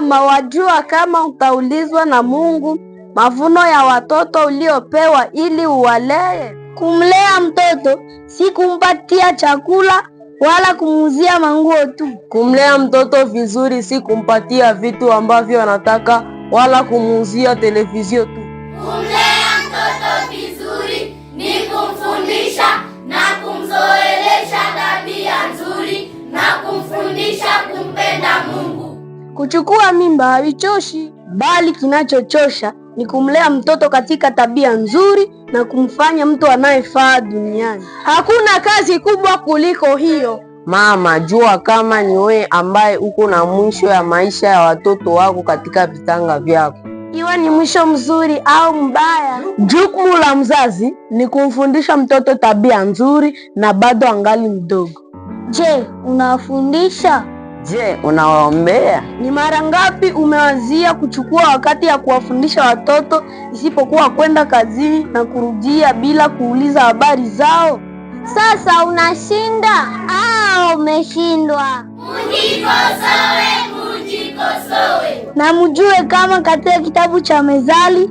Kama wajua kama utaulizwa na Mungu mavuno ya watoto uliopewa ili uwalee? Kumlea mtoto si kumpatia chakula wala kumuuzia manguo tu. Kumlea mtoto vizuri si kumpatia vitu ambavyo anataka wala kumuuzia televizio tu. Kumlea mtoto vizuri ni kumfundisha Kuchukua mimba havichoshi, bali kinachochosha ni kumlea mtoto katika tabia nzuri na kumfanya mtu anayefaa duniani. Hakuna kazi kubwa kuliko hiyo. Mama, jua kama ni wewe ambaye uko na mwisho ya maisha ya watoto wako katika vitanga vyako, iwe ni mwisho mzuri au mbaya. Jukumu la mzazi ni kumfundisha mtoto tabia nzuri na bado angali mdogo. Je, unawafundisha? Je, unawaombea? Ni mara ngapi umewazia kuchukua wakati ya kuwafundisha watoto isipokuwa kwenda kazini na kurudia bila kuuliza habari zao? Sasa unashinda au ah, umeshindwa? Mujikosoe, mujikosoe. Na mjue kama katika kitabu cha Mezali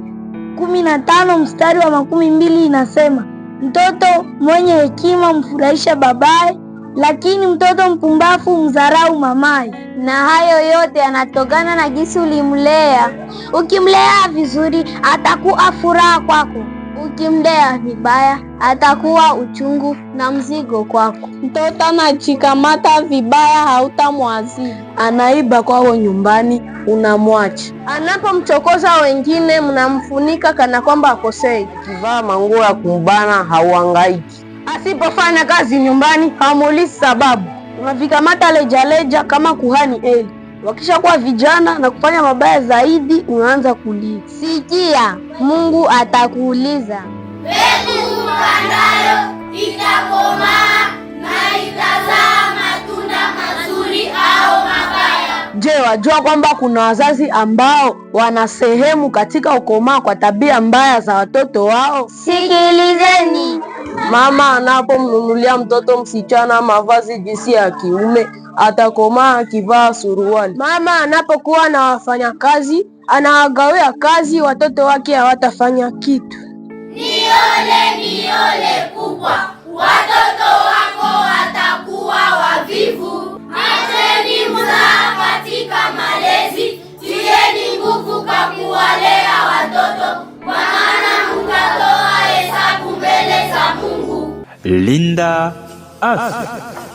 15 mstari wa makumi mbili inasema mtoto mwenye hekima mfurahisha babaye lakini mtoto mpumbafu mdharau mamaye, na hayo yote yanatokana na jinsi ulimlea. Ukimlea vizuri, atakuwa furaha kwako. Ukimlea vibaya, atakuwa uchungu na mzigo kwako. Mtoto anajikamata vibaya, hautamwadhibu. Anaiba kwao nyumbani, unamwacha. Anapomchokoza wengine, mnamfunika kana kwamba akosei. Kivaa manguo ya kumbana, hauangaiki asipofanya kazi nyumbani hamuulizi sababu, unavikamata lejaleja kama kuhani Eli. Wakishakuwa vijana na kufanya mabaya zaidi, unaanza kulia. Sikia, Mungu atakuuliza mbegu upandayo itakomaa na itazaa matunda mazuri au mabaya. Je, wajua kwamba kuna wazazi ambao wana sehemu katika ukomaa kwa tabia mbaya za watoto wao? Sikilizeni. Mama anapomnunulia mtoto msichana mavazi jinsi ya kiume, atakomaa akivaa suruali. Mama anapokuwa na wafanyakazi, anawagawia kazi, watoto wake hawatafanya kitu. Ni ole ni ole kubwa watoto Linda Us.